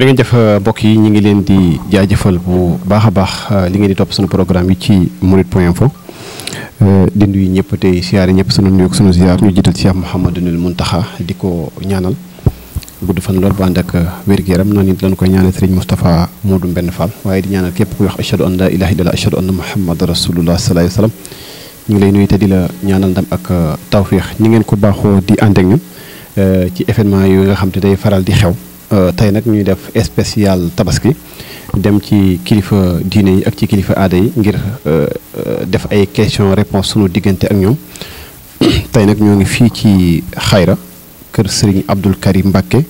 jërë ngeen euh, mbokk yi ñu ngi leen di jaajëfal bu baax a baax euh, li ngeen di topp sunu programme yi ci Mourides point info euh, di nuyu ñëpp tey siyaare ñëpp sunu nuyu ak sunu ziar ñu jiital Cheikh Mouhamadul Mountakha di ko ñaanal gudd fan lool bu ànd ak wér-gu-yaram noonu it lañ koy ñaanal Serigne Moustapha Modou Mbenn Fall waaye di ñaanal képp kuy wax ashadu an la ilaha illallah ashadu anna muhammad rasulullah sallallahu alayhi wasallam ñu ngi lay nuyu te di la ñaanal ndam ak tawféex ñi ngeen ko baaxoo di ànd ak ñun ci événement yooyu nga xam te day faral di xew Euh, tey nag ñuy def spécial tabaski dem ci kilifa diine yi ak ci kilifa aada yi ngir euh, euh, def ay question réponse sunu diggante ak ñoom tey nag ñoo ngi fii ci xayra kër sëriñ Abdul Karim Mbàkke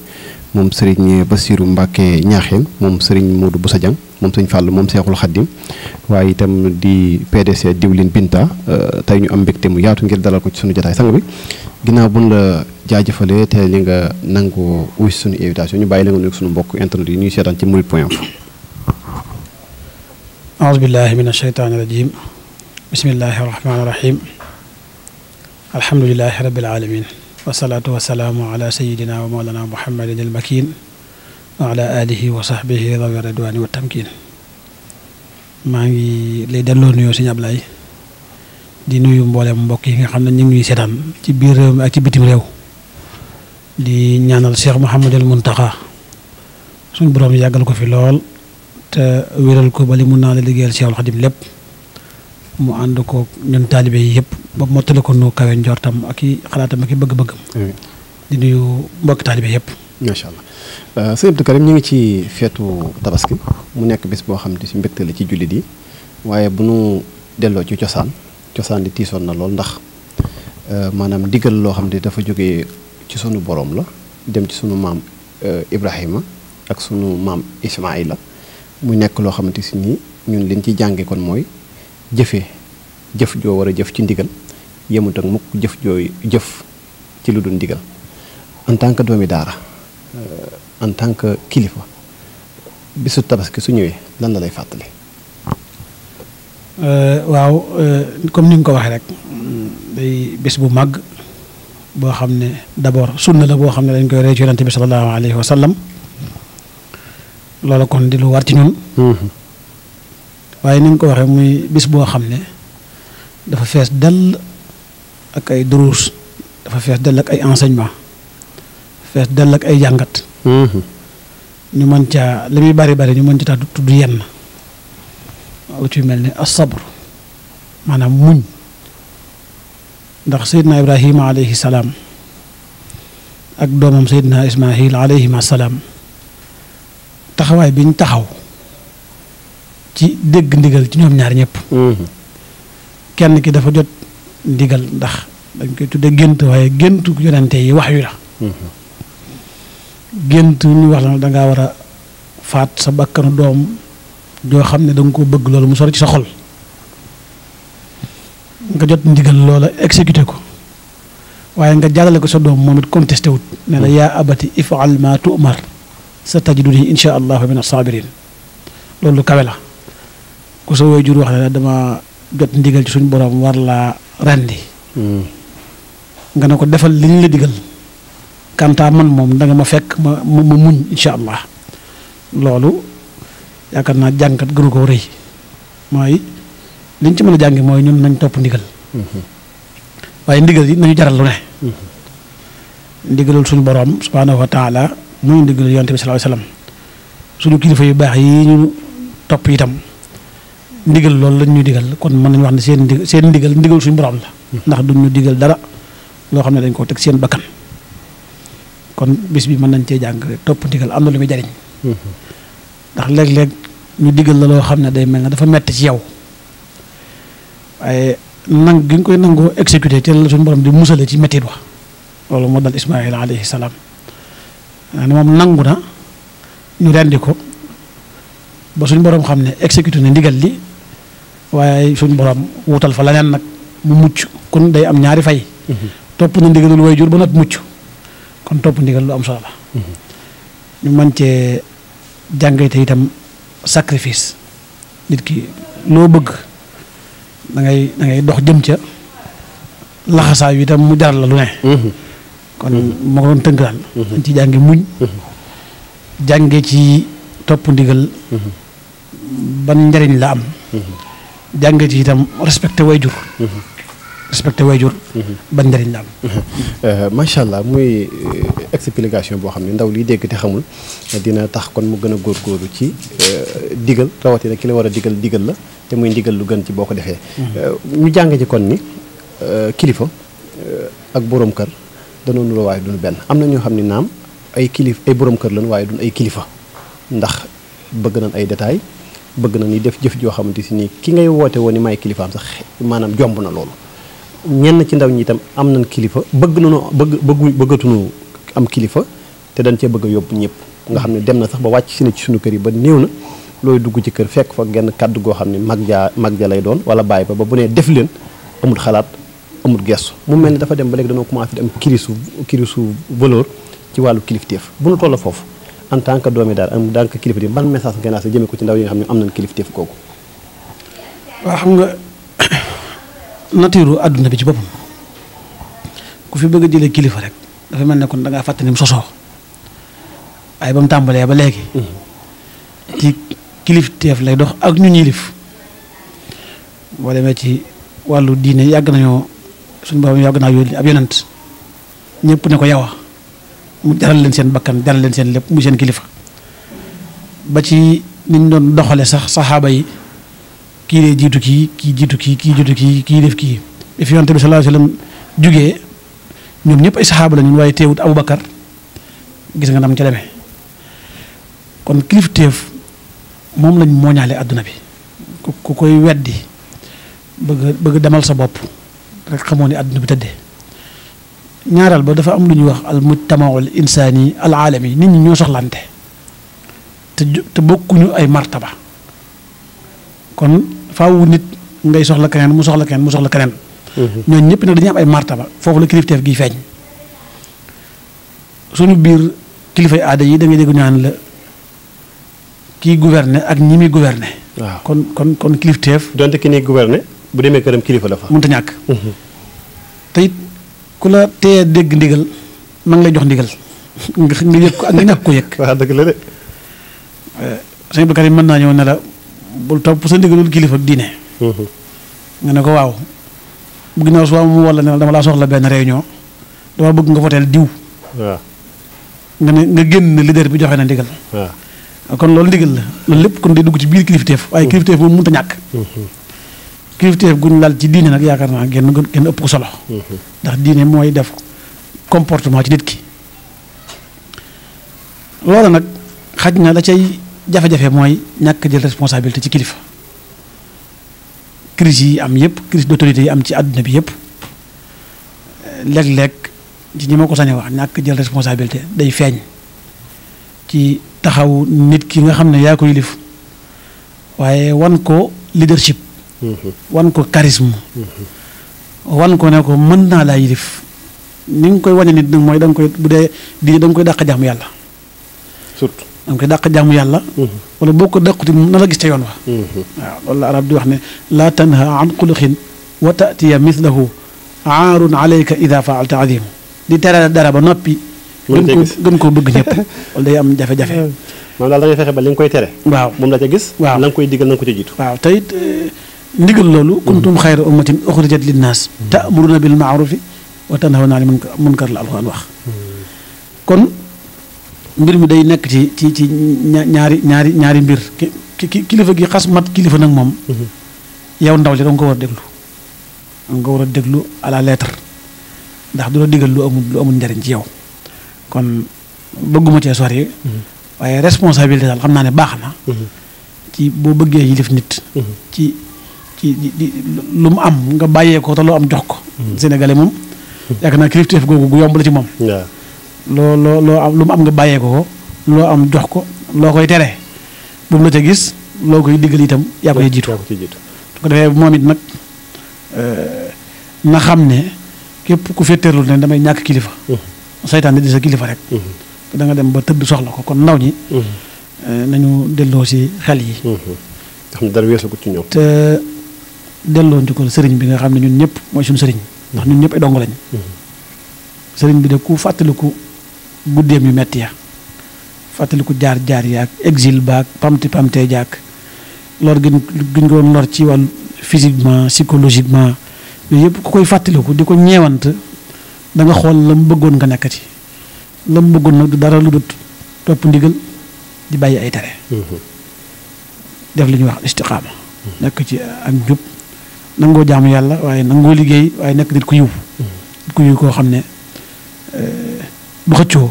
moom sëriñ Basiiru Mbàkke ñaaxeen moom sëriñ Moodu sa Jang moom sëñ Fàll moom Seexul Xaddim waaye itam di PDC diwlin Binta tey ñu am mbégte mu yaatu ngir dalal ko ci sunu jotaay sang bi ginnaaw bu la jaajëfale te li nga nangu wuy suñu invitation ñu bàyyi la nga nuyu suñu mbokk internet yi ñuy seetaan ci mul point أعوذ بالله من الشيطان الرجيم بسم الله الرحمن الرحيم الحمد لله رب العالمين والصلاة والسلام على سيدنا ومولانا محمد المكين وعلى آله وصحبه رضي الرضوان والتمكين ما هي لي دلو نيو سيني ابلاي دي نيو مبولم بوكي خا خن نيو سيتان تي بيرم اك تي بيتم ريو di ñaanal Cheikh mun taxa suñu borom yàggal ko fi lool te wéral ko ba li mun naa la liggéeyal Cheikhul Khadim lépp mu ànd ko ñun taalibe yi yëpp ba mottali ko nu kawe ak i xalaatam ak i bëgg di nuyu mbokk taalibe yëpp. macha allah euh, sëñ Abdou ñu ngi ci feetu tabaski mu nekk bis boo xam ne si mbégte ci jullit yi waaye bu nu delloo ci cosaan cosaan di tiisoon na lool ndax euh, maanaam diggal loo xam ne dafa jóge ci sunu borom la dem ci sunu mam euh, ibrahima ak sunu mam ismaila mu nek lo xamanteni ni ñun liñ ci jànge kon moy jëfé jëf jo wara jëf ci ndigal yemut ak mukk jëf joy jëf ci lu dul ndigal en tant que domi dara euh, en tant que kilifa bisu tabaski su ñëwé lan la lay euh waaw euh, comme ni ko rek day bu mag boo xam ne d'abord sunna la boo xam ne dañ koy rey ci yonante bi sallallahu alayhi wa sallam kon di lu war ci ñun mm-hmm. waaye ni ko waxee muy bis boo xam ne dafa fees dell ak ay duruus dafa fees dell ak ay enseignement fees dell ak ay jàngat mm-hmm. ñu mën caa li muy bari bari ñu mën ci taa tudd yenn lu ci mel ni as maanaam muñ ndax seydina ibrahima alayhi salaam ak doomam seydina ismaahil alayhima salaam taxawaay bi ñu taxaw ci dégg ndigal ci ñoom ñaar ñëpp mm-hmm. kenn ki dafa jot ndigal ndax dañ koy tudde gént waaye géntu yonante yi wax yu la mm-hmm. gént ñu wax la dangaa war a faat sa bakkanu doom joo xam ne da nga ko bëgg loolu mu sori ci sa xol nga jot ndigal loola exécuté ko waaye nga jàllale ko sa doom moom it contesté wut ne la yaa abati ifal ma tu'mar sa tajiduni insha allahu min asabirin loolu lu kawe la ku sa waajur wax ne dama jot ndigal ci suñ borom war laa rendi hmm. nga ne ko defal li ñu la digal kantaa man moom da ma fekk ma ma muñ insha allah loolu yaakaar naa jànkat gënu ko rëy liñ ci mën a jàngi mooy ñun nañ topp ndigal waaye ndigal yi nañu jaral lu ne ndigalul suñu boroom subhaanahu wa taala muy ndigalul yonte bi sallallahu alayhi wasallam suñu kilifa yu baax yi ñu topp itam ndigal loolu lañ ñu digal kon mën nañ wax ne seen ndigal seen ndigal ndigal suñu boroom la ndax du ñu digal dara loo xam ne dañ koo teg seen bakkan kon bis bi mën nañ cee jàng topp ndigal am na lu muy jariñ ndax léeg-léeg ñu digal la loo xam ne day mel nga dafa metti ci yow ay nang gi nga koy nangoo exécuter teel sun borom di musale ci metti wa lolu mo dal ismaïl alayhi salam ne mom nangu na ñu rendi ko ba sun borom xam ne na ndigal li waye sun borom wutal fa lanen nak mu mucc kon day am ñaari fay mm-hmm. top na ndigalul way jur ba nak mucc kon top ndigal lu am solo mm-hmm. ñu man ci jangay itam sacrifice nit ki lo bëgg da ngay ngay dox jëm ca laxasaa yu itam mu jaral la lu ne. Mhm. kon moo ko doon tënk daal. ci jànge muñ. Mhm. jànge ci topp ndigal. Mhm. ban njariñ la am. jànge ci itam respecté way jur respecté wayjur mhm. ban njëriñ la am. Mhm. Euh, macha allah muy euh, explication boo xam ne ndaw liy dégg te xamul dina tax kon mu gën a góorgóorlu ci euh, digal rawatina ki la war a digal digal la te muy ndigal lu gën ci boo ko defee. Mhm. ñu jàng ci kon ni kilifa ak borom kër danoo nuroo waaye duñu benn am na ñoo xam ne naam ay kilifa ay borom kër lañu waaye duñu ay kilifa ndax bëgg nañ ay détails bëgg na ni def jëf joo xamante si nii ki ngay woote woon ni maay kilifa sax maanaam jomb na loolu. ñenn ci ndaw ñi itam am nañ kilifa bëgg na nañu bëgg bëggu bëggatuñu am kilifa te dañ cee bëgg a yóbbu ñëpp nga xam ne dem na sax ba wàcc si ne ci suñu kër yi ba néew na looy dugg ci kër fekk fa genn kàddu goo xam ne mag jaa mag ja lay doon wala bàyyi ba ba bu nee def leen amul xalaat amul gestu mu mel ni dafa dem ba léegi dañoo commencé di am kirisu kirisu valeur ci wàllu kilifteef bu nu toll foofu en tant que doomi daal en tant que kilifa di ban message nga naa sa jëmee ko ci ndaw yi nga xam ne am nañ kilifteef kooku nature àdduna bi ci boppam ku fi bëgg a kilifa rek dafa mel ne kon da ngaa mu sosoo waaye ba mu tàmbalee ba léegi. Hmm. ci kilifteef lay dox ak ñu ñilif boo demee ci wàllu diine yàgg nañoo suñ borom yàgg naa yónni ab yonent ñëpp ne ko yawa mu jaral leen seen bakkan jaral leen seen lépp mu seen kilifa ba ci niñ doxale sax saxaaba yi. kii dee jiitu kii kii jiitu kii kii jiitu kii kii def kii bi fi yonent bi sallallahu alayhi wasallam jugee ñoom ñëpp ay saxaaba la ñun waaye teewut Abu nga nam ca demee kon kilifteef moom lañ mooñaale àdduna bi ku koy weddi bëgg demal sa bopp xamoo ne àdduna bi tëddee ñaareel ba dafa am lu ñuy wax al mujtamaul insaani al aalami nit ñi ñoo soxlante te te bokkuñu ay martaba kon faaw nit ngay soxla keneen mu soxla keneen mu soxla keneen. Mhm. ñoo ñëpp nag dañuy am ay martaba foofu la kilifteef gi feeñ. suñu biir kilifay aada yi da ngay dégg ñaan la kii gouverner ak ñi gouverner. kon kon kon kilifteef. donte ki ni gouverner bu demee këram kilifa la fa. mënut a ñàkk. Mhm. te it ku la tee dégg ndigal ma ngi lay jox ndigal. nga yëg ak nga ñàkk ko yëg. waaw dëgg la de. Eh, sëñ Bakary mën naa ñëw ne la bul top sa ndigalul kilifa ak diine mhm. nga ne ko waaw bu ginaaw suba mu wala ne dama la soxla ben réunion dama bëgg nga fotel diw nga ne nga genn leader bi joxe na ndigal kon loolu ndigal la loolu lepp kon day dugg ci biir kilifteef waaye mhm. kilifteef moom mënta ñàkk mhm. kilifteef guñ lal ci diine nag yaakaar naa genn genn ëpp ko solo ndax diine mooy def comportement ci nit ki loolu nag xaj na la cay jafe-jafe mooy ñàkk jël responsabilité ci kilifa crise yi am yëpp crise d'autorité yi am ci àdduna bi yëpp lekk lekk ci ñi ma ko sañe wax ñàkk jël responsabilité day feeñ ci taxaw nit ki nga xam ne yaa ko yilif waaye wan ko leadership mm-hmm. wan ko charisme mm-hmm. wan ko ne ko mën naa laa yilif ni koy wane nit nag mooy da koy bu dee di da nga koy dàq jaam yàlla da nga koy dàq jaamu yàlla. wala boo ko dàquti na la gis ca yoon wa. waaw loolu la arab di wax ne laa tanha an xuluqin wa taatiya mislahu aarun alayka ida faalta azimu di tere dara ba noppi. gën ko gën koo bëgg ñëpp wala day am jafe-jafe. moom daal da ngay fexe ba li nga koy tere. waaw moom la ca gis. waaw la nga koy digal na nga ko ca jiitu. waaw te it ndigal loolu. kuntum xayra ummatin uxrijat linnaas. taamuruna bil maarufi wa tanhawna anil munkar la alxuraan wax kon. mbir mi day nek ci ci ci ñaari ñaari ñaari mbir kilifa gi xas mat kilifa nak mom. Mhm. yow ndaw li da nga ko war deglu déglu nga war deglu déglu à la lettre ndax du la lu amul lu amul ci yow kon bëgguma cee sori mhm. waye responsabilité dal xamna ne baxna na mhm. ci boo bëggee yilif nit ci ci lu am nga bayé ko te am jox ko sénégalais mom yaakaar naa kilifteef gu yomb la ci lo lo lo am lu am nga baye ko lo am jox ko lo koy téré bu mu la ca gis lo koy diggal itam ya koy jitu ko ci jitu ko defé momit nak euh na xamné képp ku fetteerlu né damay ñak kilifa saytaan di sa kilifa rek da nga dem ba teud soxla ko kon ndaw ñi eh, nañu delloo ci xel yi xam dar wésu ko ci ñoo té te ñu ko sëriñ bi nga xamné ñun ñëpp moy suñu sëriñ ndax ñun ñëpp ay dong lañ sëriñ bi de ku fàttaliku guddeem yu metti ya fàttaliku jaar jaar yaag exil baag pamti pamtee jàkk lor gi gi ko woon lor ci wàllu physiquement psychologiquement yooyu yëpp ku koy fàttaliku di ko ñeewant danga nga xool la mu bëggoon nga nekkati la mu bëggoon nag du dara lu dut topp ndigal di bàyyi ay tere. Mm-hmm. def li ñuy wax istiqaama nekk ci ak njub nangoo jaamu yàlla waaye nangoo liggéey waaye nekk nit ku yiw mm-hmm. ku yiw koo xam ne. Euh, bu xëccoo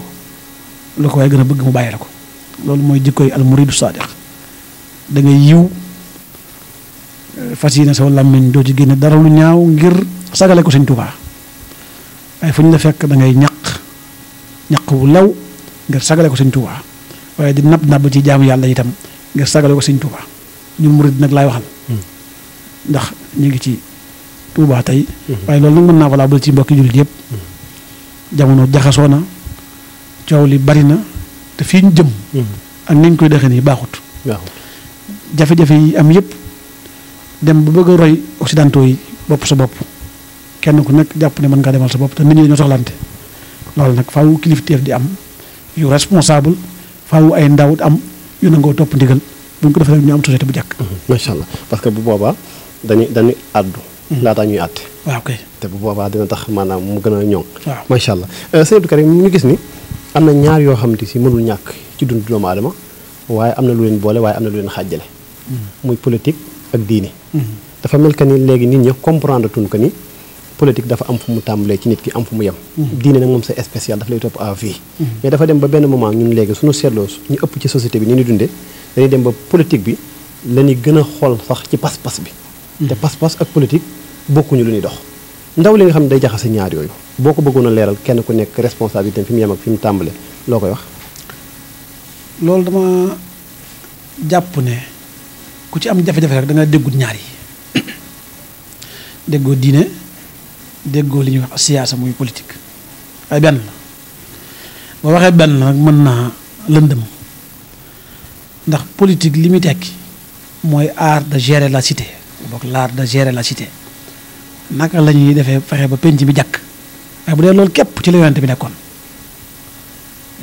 lu ko waaye gën bëgg mu bàyyi ko loolu mooy jikkoy al muridu sadiq da ngay yiw eh, fas yéene saw làmmiñ doo ci génne dara lu ñaaw ngir sagale ko sëñ Tuubaa waaye fu ñu la fekk da ngay ñaq ñaq wu law ngir sagale ko sëñ Tuubaa waaye di nab nab ci jaamu yàlla itam ngir sagale ko sëñ Tuubaa ñu murid nag lay waxal hmm. ndax ñu ngi ci Tuubaa tey hmm. waaye loolu nag mën naa valable ci mbokki jullit yëpp hmm. jamono jaxasoo na coow bari na te fiñ jëm. Hmm. ak niñ koy doxee ni baxut jafé jafé yi am yépp dem bu bëgg roy occidentaux yi bop sa bop kenn ku nek japp ne man nga demal sa bop te nit ñi dañoo soxlante loolu nag faaw kilifteef di am yu responsable faaw ay ndaw am yu nangoo top ndigal buñ ko defee ñu am société bu jàkk. Hmm. macha allah parce que bu boba dañuy dañuy addu Mm-hmm. laataa ah, te bu boobaa dina tax maanaam mu gën a ñoŋ. waaw macha allah euh, sëñ Abdou Karim ñu gis ni am na ñaar yoo xamante si mënul ñàkk ci dund doomu aadama waaye am na lu leen boole waaye am na lu leen xaajale. Mm-hmm. muy politique ak diini. Mm-hmm. dafa mel que ni léegi nit ñi comprendre tuñ ko ni politique dafa am fu mu tàmbalee ci nit ki am fu mu yem. diine nag moom sa spécial dafa lay topp à vie. mais dafa dem ba benn moment ñun léegi suñu seetloo ñu ëpp ci société bi ni ñu dunde dañuy dem ba politique bi la ñuy gën a xool sax ci pas-pas bi. te pas-pas ak politique. bokkuñu lu ñuy dox ndaw li nga xam ne day jaxase ñaar yooyu boo ko bëggoon leeral kenn ku nekk responsabilité fi mu yem ak fi mu tàmbale loo koy wax. loolu dama jàpp ne ku ci am jafe-jafe rek da nga déggut ñaar yi déggoo diine déggoo li ñuy wax siyaasa muy politique ay benn la boo waxee benn nag mën naa lëndëm ndax politique li muy tekki mooy art de gérer la cité bokk l'art de gérer la cité naka la ñuy defee fexe ba penc bi jàkk waaye bu dee loolu képp ci la yonent bi nekkoon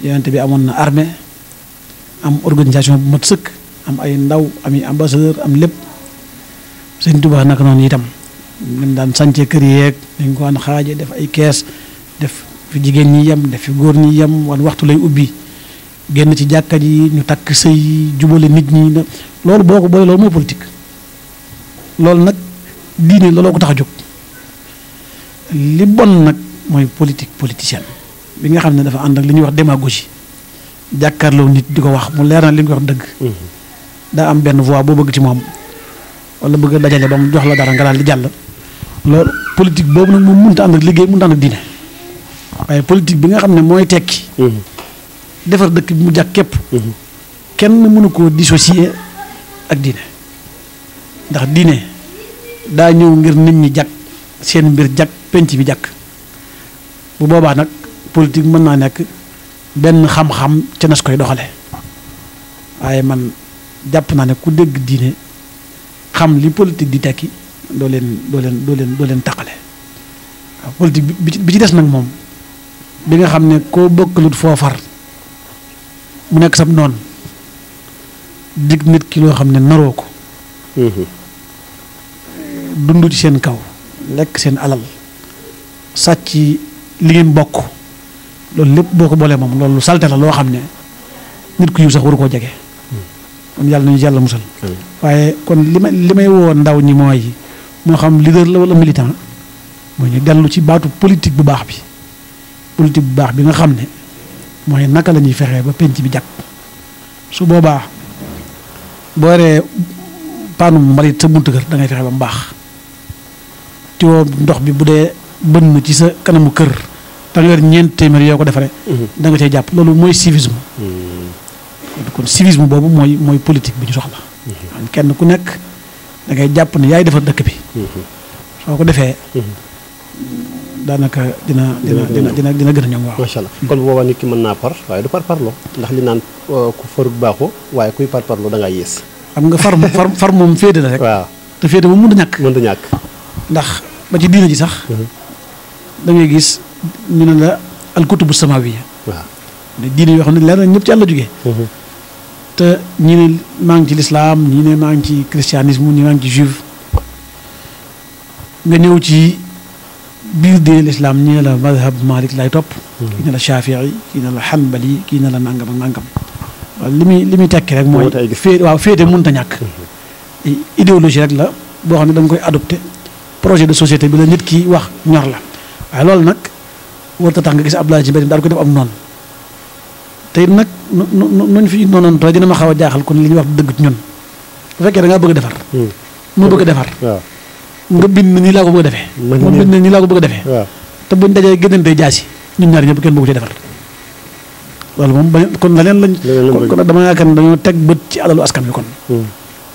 yonent bi amoon na armée am organisation bu mat sëkk am ay ndaw am i am lépp sëñ Tuubaa naka noonu itam ñu daan sànce kër yeeg dañ ko daan xaaje def ay kees def fi jigéen ñi yem def fi góor ñi yem wan waxtu lay ubbi génn ci jàkka ji ñu takk sëy jubale nit ñi loolu boo ko booy loolu mooy politique loolu nag diine looloo ko tax a jóg li bon nak moy politique politicien bi nga xamne dafa and ak liñ wax démagogie jakarlo nit diko wax mu leral liñ wax deug mm-hmm. da am ben voix bo bëgg ci mom wala bëgg a dajale ba jox la dara nga dal di jall loolu politique bobu nak moom mënut a ak liggéey ak politique bi nga xamne ne tekki. Mm-hmm. defar dëkk bi mu képp. Mm-hmm. kenn mënu ko dissocier ak diiné ndax diiné daa ñew ngir nit ñi jàkk seen mbir penc bi jàkk bu boobaa nag politique mën naa nekk benn xam-xam koy doxale man jàpp naa ne ku dégg diine xam li politique di tekki doo leen leen leen doo leen taqale ci des nag moom bi nga xam ne koo bokkalut foofar mu nekk sab noon dig nit ki loo xam ne naroo ko mm-hmm. dund ci seen kaw lekk seen alal sàcc li ngeen bokk loolu lépp boo ko boolee moom loolu salte la loo xam ne nit ku yiw sax waru koo jege. kon yàlla nañu yàlla musal. waaye kon li may li may woo ndaw ñi mooy moo xam leader la wala militant mooy ñu dellu ci baatu politique bu baax bi politique bu baax bi nga xam ne mooy naka la ñuy fexee ba penc bi jag su boobaa boo waree paanu mbalit sa buntu kër da ngay fexe ba mu baax. tiwo ndox bi bu dee bënn ci sa kanamu kër ta nga ñent témer téeméer ko défaré mhm. da nga tay japp lolu moy civisme. Mhm. kon civisme bobu moy moy politique biñu soxla hmm kenn ku nekk da ngay japp ni yaay defar dëkk bi. Mhm. soo ko hmm danaka dina dina dina dina dina gëna a ñoom waaw. macha kon boobaa nit ki mëna par waye du par lo ndax li naan euh, ku faru baxu waye kuy par lo da nga yées. xam nga far far mom fédé féete la rek. waaw te fédé moom mënut a ñàkk. mënut ndax ba ci diina ji sax. da ngay gis ñu ne la alkutubu samawiya. waaw ne diine yoo xam ne leer na ñëpp ci àlla jugee. Mhm. te ñi ne maa ngi ci lislaam ñi ne maa ngi ci christianisme ñi maa ci juif nga ñëw ci biir de lislaam ñi ne la madhab malik lay topp. Mhm. kii ne la shafii kii ne la xambali kii ne la nangam ak nangam. waaw li muy li muy tekki rek mooy féete waaw féete mënut ñàkk. Mhm. idéologie rek la boo xam ne da koy adopté projet de société bi la nit ki wax ñor la. ay ah, lol nak warut a tax gis abdallah ci mbedd dal ko def am non tay nak nuñ fi nonon to dina ma xawa jaxal jaaxal kon li wax deug ñun bu fekke da nga bëgg a defar. mo hmm. bëgg a defar. nga bind ni la ko bëgg defé mo bind ni la ko bëgg defé defee. te buñ dajé dajee gënante jaasi ñun ñaar ñepp kenn bëggu ci defar. loolu mom kon la leen lañ. kon dama nga kan dañu tek bëtt ci alalu askan bi kon. Hmm.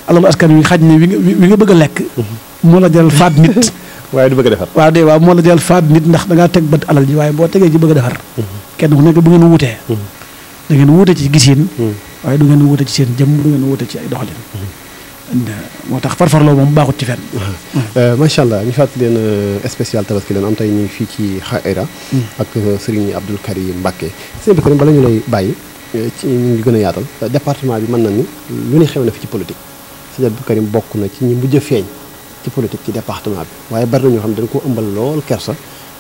alalu askan wi xajni wi nga bëgg lek hmm. mo la jël faat nit. waaye du bëgg a defar waaw de waaw moo la del faat nit ndax da teg bët alal ji waaye boo tegee ci bëgg a defar mm-hmm. kenn ku nekk bu ngeen wutee mm-hmm. da ngeen wute ci gisiin mm-hmm. waaye du ngeen wute ci seen jëm du ngeen wute ci ay doxalin moo tax farfarloo mu baaxut ci fenn. Euh, macha allah ñu fàttali leen euh, spécial tabaski leen am tey ñu fii ci Xayra. ak euh, Serigne Abdoul Karim Mbacké. sëñ bi bala ñu lay bàyyi ci ñu ngi gën a yaatal département bi mën na lu ne xew na ci politique sëñ bokk na ci ñi mujj a feeñ. ci politique ci département bi waye barna ñu xam dañ ko ëmbal lool kersa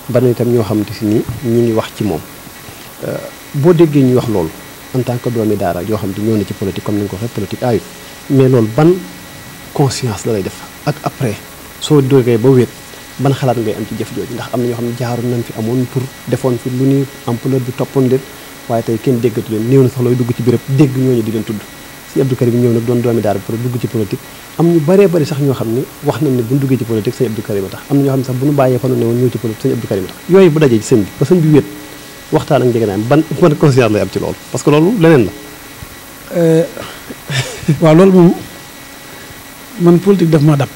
barna itam ñu xam ci ni ñi ngi wax ci mom euh bo déggee ñu wax lool en tant que doomi dara jo xam di ñoo ci politique comme ñu ko waxee politique ayut mais lool ban conscience la lay def ak après so dogee ba wéet ban xalaat ngay am ci jëf jooju ndax am na ñoo xam ne nañ fi amoon pour defoon fi lu ni ampleur bi topone leen waye tay kenn déggatu leen néew sax looy dugg ci béréb dégg ñu di leen tuddu si Abdou Karim ñëw nag doon doomi daara pour dugg ci politique am ñu bëree bëri sax ñoo xam ne wax nañ ne buñ duggee ci politique sëñ Abdou Karim a tax am na ñoo xam ne sax bu ñu bàyyee fa ne woon a tax yooyu bu dajee ci sëñ bi ba sëñ bi wéet waxtaan ak njëgënaayam ban euh, loolu moom man politique daf ma dab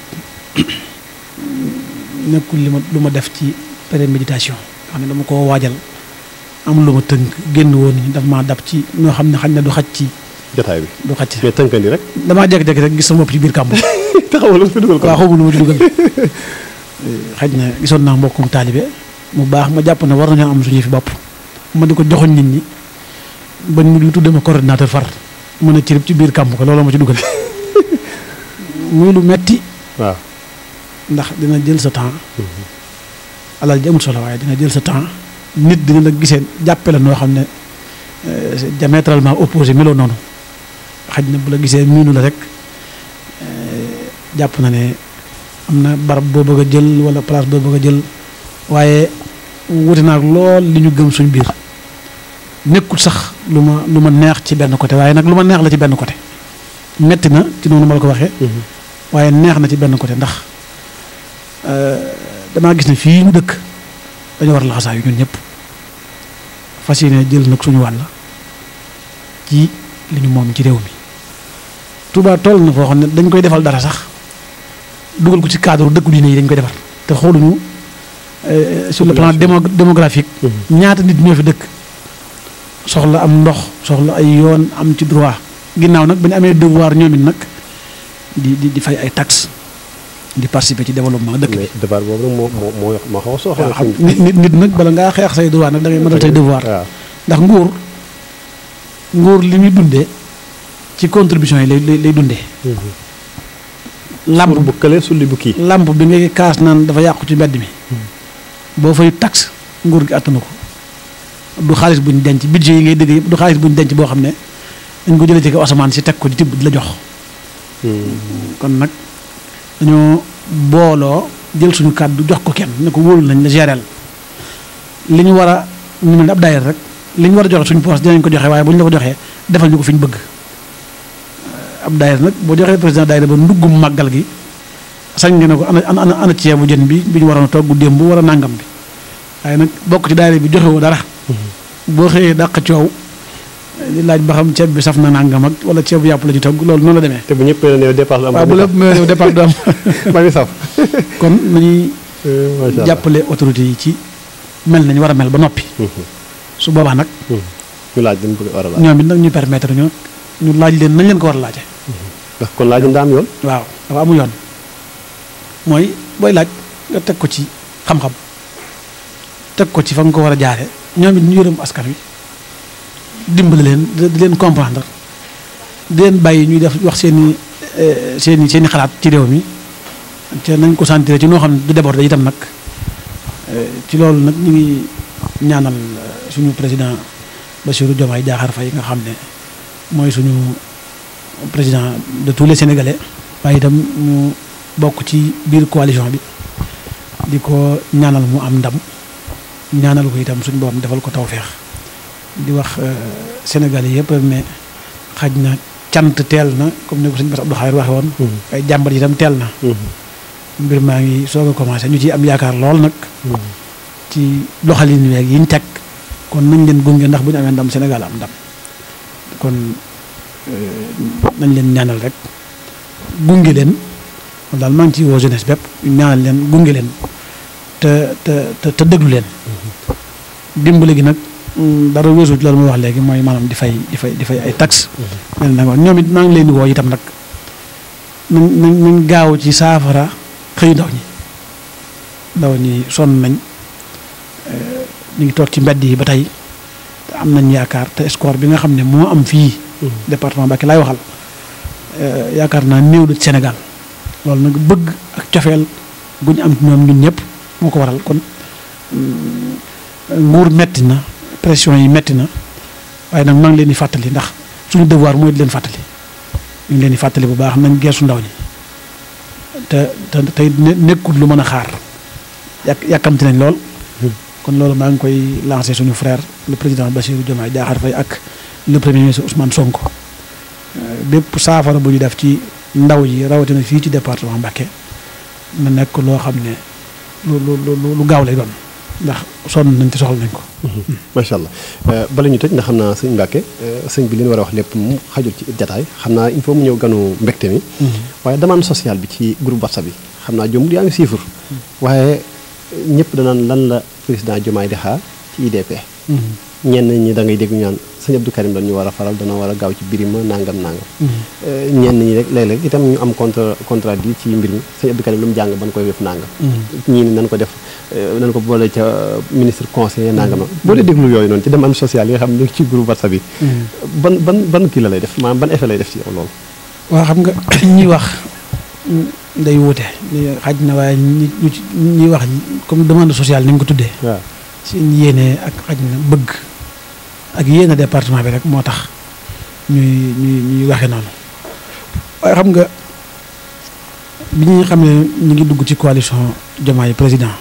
nekkul li ma lu ma def ci préméditation xam ne dama ko waajal am lu ma tënk génn woon daf maa dab ci ñoo xam ne xañ na du xaj ci jotaay bi. du xaj mais tënkandi rek. damaa jékki-jékki rek gis sama bopp ci biir kàmb. taxawal ma fi dugal ko waaw xaw ma lu ma ci dugal. na gisoon naa mbokkum mu baax ma jàpp ne war nañoo am suñu fi bopp ma di ko joxoñ nit ñi ba mu lu tuddee ma far mën a cirib ci biir kàmb ko looloo ma ci dugal muy lu metti waaw ndax dina jël sa temps mm-hmm. alal ji amul solo waaye dina jël sa temps nit dina la gisee jàppe la noo xam ne euh, diamétralement opposé meloo noonu xaj na bu la gisee miinu la rek eh, jàpp na ne am na barab boo bëgg a jël wala place boo bëgg a jël waaye wuti naag lool li ñu gëm suñu biir nekkul sax lu ma lu ma neex ci benn côté waaye nag lu ma neex la ci benn côté metti na ci noonu ma la ko waxee. Mhm. waaye neex na ci benn côté ndax eh, damaa gis ne fii ñu dëkk dañu war a laxasaayu ñun ñëpp fas yéene jël nag suñu wàll ci li ñu moom ci réew mi. Touba toll na foo xam ne dañ koy defal dara sax dugal ko ci cadre dëkku diine yi dañ koy defal te xooluñu euh, sur le plan démographique mhm. ñaata nit ñoo fi dëkk soxla am ndox soxla ay yoon am ci droit ginnaaw nag ba ñu amee devoir ñoom nag di di di fay ay taxe di participer ci développement dëkk bi. devoir boobu nag moo moo moo xaw a soxla. nit nit nag bala ngaa xeex say droit nag da ngay mënal say devoir. ndax nguur nguur li muy dundee. ci contribution yi lay lay dundee. lamp bu kële sulli bu kii. lamp bi ngay kaas naan dafa yàqu ci mbedd mi. Hmm. boo fay tax nguur gi attanu ko du xaalis buñ denc budget yi ngay yëpp du xaalis buñ denc boo xam ne dañ ko jëlee ci kaw asamaan si teg ko di tibb la jox. Hmm. kon nag dañoo booloo jël suñu kàddu jox ko kenn ne ko wóolu nañ la géréel li ñu war a ñu mel ne ab daayira rek li ñu war a joxe suñu poos dinañ ko joxe waaye bu la ko joxee defal ñu ko fi ñu bëgg. ab daayira nag boo joxee président daayira ba nduggum màggal gi sañ nga ne ko ana ana ana ceebu jën bi bi ñu waroon a togg démb wala nangam bi waaye nag bokk ci daayira bi joxewoo dara boo xëyee dàq coow li laaj ba xam ceeb bi saf na nàngam ak wala ceebu yàpp la ci togg loolu noonu la demee. te bu ñëpp mel ne yow départ du am. waaw bu lépp mel ne saf. kon nañuy eh, jàppale autorités yi ci mel nañu war a mel ba noppi. Mm-hmm. su boobaa nag. Mm-hmm. ñu laaj dañ bëgg war a laaj ñoom it nag ñu permettre ñu ñu laaj leen nañ leen ko war a laajee. ndax kon laajam daa am yoon. waaw dafa mu yoon mooy booy laaj nga teg ko ci xam-xam teg ko ci fa nga ko war a jaare ñoom it ñu yërëm askan wi dimbali leen di leen comprendre di leen bàyyi ñuy def wax seen i seeni eh, i xalaat ci réew mi te nañ ko sentir ci noo xam ne du débordé tam nag eh, ci loolu nag ñu ngi ñaanal eh, suñu président Bassirou Diomaye fa yi nga xam ne mooy suñu. président de tous les sénégalais waaye itam mu bokk ci biir coalition bi di ko ñaanal mu am ndam ñaanal ko itam suñ borom defal ko taw feex di wax euh, sénégalais yëpp mais xaj na cant teel na comme ni ko sëñ Bass Abdou Khadre waxe woon. Mm-hmm. ay jàmbat yi itam teel na. Mm-hmm. mbir maa ngi soog a commencé ñu ci am yaakaar lool nag. Mm-hmm. ci doxalin weeg yi ñu teg kon nañ leen gunge ndax bu ñu amee ndam Sénégal am ndam kon nañ leen ñaanal rek gunge leen man daal maa ngi ciy woo jeunesse bépp ñaanal leen gunge leen te te te déglu leen dimbale gi nag mm, dara weesu loolu ma wax léegi mooy maanaam di fay di fay di fay ay taxes. Mm-hmm. mel na ñoom it maa ngi leen di woo itam nag nañ nañ gaaw ci saafara xëy ndaw ñi ndaw ñi sonn nañ eh, ñu ngi toog ci mbedd yi ba tey te am nañ yaakaar te score bi nga xam ne moo am fii. Mm-hmm. département Mbacké laay waxal euh, yaakaar naa néew du Sénégal loolu nag bëgg ak cofeel gu ñu am ñoom ñun ñëpp moo ko waral kon mm, nguur metti na pression yi metti na waaye nag maa ngi leen di fàttali ndax suñu devoir mooy di leen fàttali ñu ngi di fàttali bu baax nañ geesu ndaw ñi te te tey nekkul lu mën a xaar yàq yàkkamti nañ lool mm-hmm. kon loolu maa ngi koy lancé suñu frère lu président Bassirou Diomaye jaaxaar Faye ak le premier ministre Ousmane Sonko euh, bépp saafara bu ñu def ci ndaw yi rawatina fii ci département Mbacké na nekk loo xam ne lu lu lu gaaw lay doon ndax sonn nañ ci soxla nañ ko. Mhm. macha allah euh, bala ñu tëj ndax xam naa sëñ Mbacke euh, sëñ bi li war a wax lépp mu xajul ci jataay xam naa il mu ñëw ganu mbégte mi. Mhm. waaye demande sociale bi ci groupe WhatsApp bi xam naa jomul yaa ngi siifur. Mhm. waaye ñëpp danaan lan la président Diomaye di xaar ci IDP. ñenn ñi da ngay dégg sëñ Abdou Karim dañu war a faral dana war a gaaw ci birima nangam nangam mm-hmm. euh, ñenn ñi rek léeg-léeg itam ñu am contre contrat yi ci mbir mi sëñ Abdou Karim lu mu jàng ban koy def nangam mm-hmm. ñii ni nan ko def euh, nan ko boole ca ministre conseiller mm-hmm. nangama boo dee déglu yooyu noonu ci dem am social yi nga xam ne ci groupe WhatsApp yi ban ban ban kii lay def maanaam ban effet lay def si yow loolu waaw xam nga ñuy wax day wute xaj na waaye ñi ñuy wax comme demande sociale ni nga ko tuddee seen yéene ak xaj na bëgg ak yéen département bi rek moo tax ñuy ñuy ñuy waxe noonu waaye xam nga bi ñu xam ne ñu ngi dugg ci coalition Diomaye président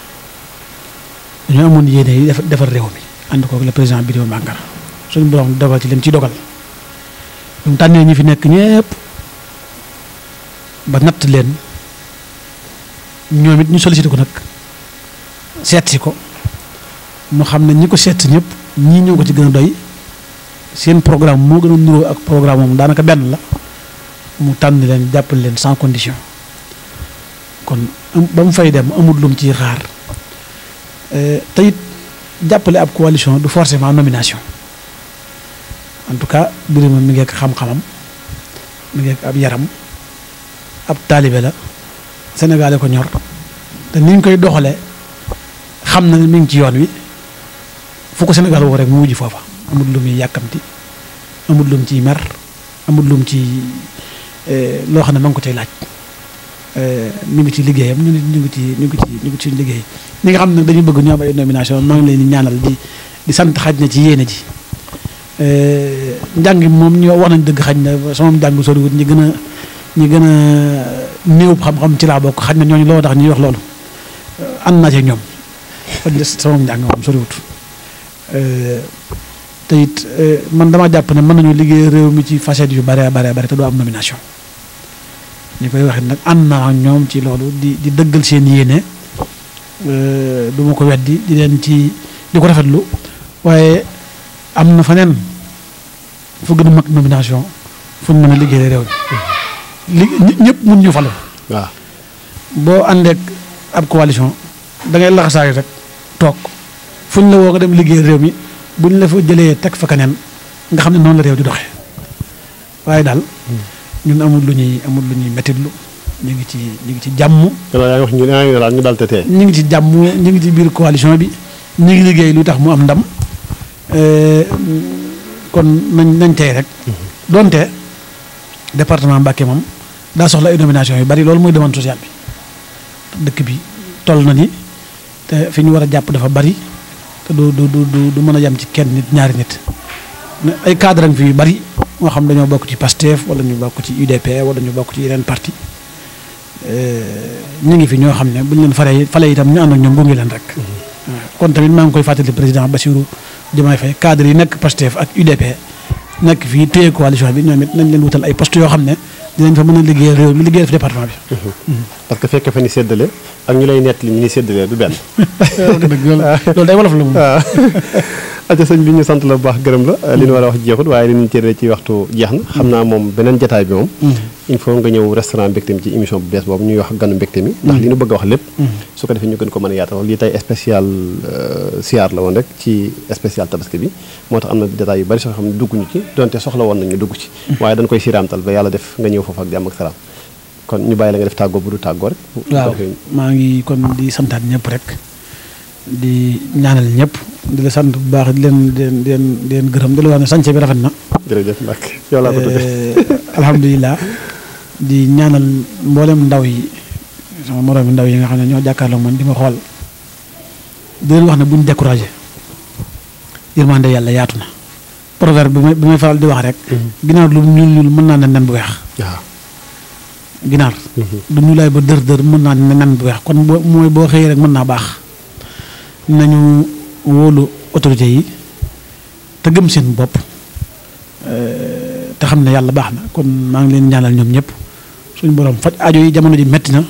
dañoo amoon yéene yi defar réew mi ànd koog le président Birima Mangara suñu borom dogal ci lim ci dogal ñum tànnee ñi fi nekk ñëpp ba natt leen ñoom it ñu sollicité ko nag seet si ko mu xam ne ñi ko seet ñëpp ñii ñëw ko ci gën a doy seen programme moo gën a nuroo ak programme moom daanaka benn la mu tànn leen jàppale leen sans condition kon ba mu fay dem amul lum ci xaar euh, te it jàppale ab coalition du forcément nomination en tout cas Birima mi ngi ak xam-xamam mi ngi ab yaram ab taalibe la Sénégal ko ñor te niñ koy doxalee xam na ne ngi ci yoon wi fu ko Sénégal woo rek mu wujji foofa. amul lu muy yàkkamti amul lum ciy mer amul lum ci eh, loo xam ne ma ngi ko cay laaj eh, ñu ngi ci liggéeyam ñu ngi ñu ngi ci ñu ngi ci ñu ngi ci liggéey ñi nga xam ne bëgg ñu am ay nomination ngi di ñaanal di di sant xaj na ci yéene ji eh, njàng moom ñu wax nañ dëgg xaj na sama njàng soriwut ñi gën a ñi gën a néew xam-xam ci laa bokk xaj na ñooñu loo tax ñuy wax loolu ànd naa ci ñoom sama njàng moom soriwut te it eh, man dama jàpp ne mën nañu liggéey réew mi ci facette yu bare bare bare te doo am nomination ñu koy waxit nag ànd naa ñoom ci loolu di di dëggal seen yéene eh, du ko weddi di leen ci di ko rafetlu waaye am na feneen fu gën a mag nomination fu ñu mën a liggéey réew mi li mun ñu falu boo àndeek ab coalition da ngay laxasaay rek toog fu ñu la woo nga dem liggéey réew mi buñ la fa jëlee teg fa keneen nga xam ne noonu la réew di doxee waaye daal ñun amul lu ñuy amul lu ñuy mettitlu ñu ngi ci ñu ngi ci jàmm. yaa wax ñu daal ñu dal te tee. ñu ngi ci jàmm ñu ngi ci biir coalition bi ñu ngi liggéey lu tax mu am ndam euh, kon nañ nañ tey rek. donte département Mbacké moom daa soxla ay nomination yu bari loolu mooy demande sociale bi dëkk bi toll na ni te fi ñu war a jàpp dafa bari. te du du du du mën a yem ci kenn nit ñaari nit ay cadre fi yu bari moo xam dañoo bokk ci PASTEF wala ñu bokk ci UDP wala ñu bokk ci yeneen parti euh, ñu ngi fi ñoo xam ne buñ leen faree fale itam ñu ànd ak ñoom gunge leen rek. Mhm. kon tamit maa ngi koy fàttali président Bassirou Diomaye Faye cadre yi nekk PASTEF ak UDP nekk fii téye coalition bi ñoom it nañ leen wutal ay poste yoo xam ne. dinañ fa mën a liggéeyal réew mi liggéeyal mhm. ak ñu lay nett li ñu ni séddale benn. loolu day wolof la moom. Ah. aca bi ñu sant la bu baax gërëm la li ñu war a wax jeexul waaye li ñu cëree ci waxtu jeex na xam naa moom beneen jataay bi moom mm-hmm. il faut nga ñëw restaurant mbégte mi ci émission bu bees boobu mm-hmm. ñu bëgg a wax lépp mm-hmm. su ko defee ñu gën ko mën a yaatal lii tey spécial euh, siyaar la woon rek ci spécial tabaski bi moo tax am na détails yu bari soo xam ne dugg ñu ci donte soxla woon nañu dugg ci waaye dañ koy siraamtal ba yàlla def nga ñëw foofu ak jàmm ak salaam kon ñu bàyyi la nga def tàggoo bu du tàggoo euh, maa ngi kon di santaat ñëpp rek di ñaanal ñëpp di la sant bu baax di leen di leen gërëm di la wax ne sànce bi rafet na. jërëjëf Mbacke yow laa ko tuddee eh, alhamdulilah di ñaanal mboolem ndaw yi sama moroomi ndaw yi nga xam ne ñoo jàkkaarloo man di ma xool di leen wax ne buñ découragé yërmande yàlla yaatu na. proverbe bi may bi may di wax rek. Mhm. ginaar lu ñuul ñuul mën naa ne nen bu weex. waaw ginaar. du mhm. ñuulaay ba dër dër mën naa ne nen bu weex kon boo mooy boo xëyee rek mën naa baax. nañu wóolu autorité yi te gëm seen bopp euh, te xam ne yàlla baax na kon maa ngi leen ñaanal ñoom ñëpp suñu borom faj aajo yi jamono ji metti na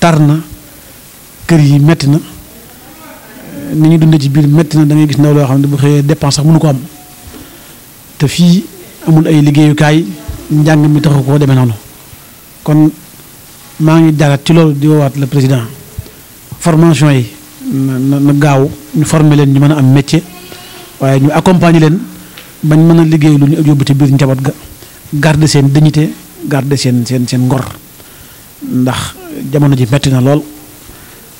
tar na kër yi metti na ni ñu dundee ci biir metti na da gis ndaw loo xam ne bu xëyee dépense sax mënu ko am te fii amul ay liggéeyukaay njàng mi taxu koo demee noonu kon maa ngi jàllat ci loolu di woowaat le président formation yi. na na gaaw ñu forme leen ñu mën a am métier waaye ñu accompagner leen bañ mën a liggéey lu ñu yóbbu ci biir njaboot ga garder seen dignité garder seen seen seen ngor ndax jamono ji metti na lool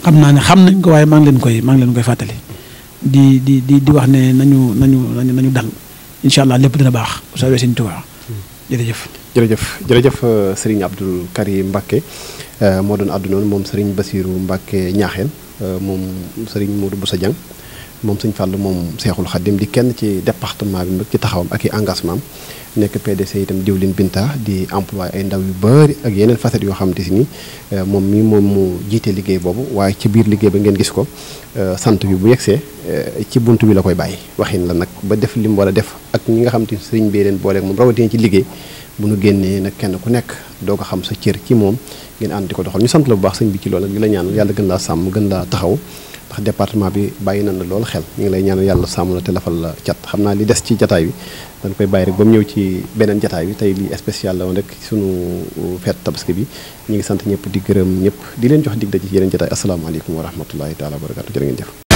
xam naa ne xam nañ ko waaye maa ngi leen koy maa leen koy fàttali di di di di wax ne nañu nañu nañu nañu dal incha allah lépp dina baax bu soobee Sëñ Tuubaa jërëjëf jërëjëf jërëjëf euh, Serigne Abdou Karim Mbacke euh, moo doon àddu moom Serigne Bassirou Mbacke ñaaxeen euh, moom Serigne bu sa Dieng moom Serigne Fall moom Seexul Xadim di kenn ci département bi ci taxawam ak i engagement nekk PDC itam diwlin Binta di employé ay ndaw yu bari ak yeneen facettes yoo xamante si ni moom mii moom mu jiite liggéey boobu waaye ci biir liggéey ba ngeen gis ko sant bi bu yegsee ci bunt bi la koy bàyyi waxin la nag ba def li mu war a def ak ñi nga xamante ni Serigne bee leen booleeg moom rawatina ci liggéey. bu nu génnee nag kenn ku nekk doo ko xam sa cër ki moom ngeen ànd di ko doxal ñu sant la bu baax sëñ bi ci loolu nag di la ñaanal yàlla gën laa sàmm gën laa taxaw ndax département bi bàyyi nañ la lool xel ñu ngi lay ñaanal yàlla sàmm la te lafal la cat xam naa li des ci jataay bi dañ koy bàyyi rek ba mu ñëw ci beneen jataay bi tey li spécial la woon rek sunu fête tabaski bi ñu ngi sant ñëpp di gërëm ñëpp di leen jox dig daje ci yeneen jataay asalaamaaleykum wa rahmatullahi taala wa barakatu jërë ngeen jëf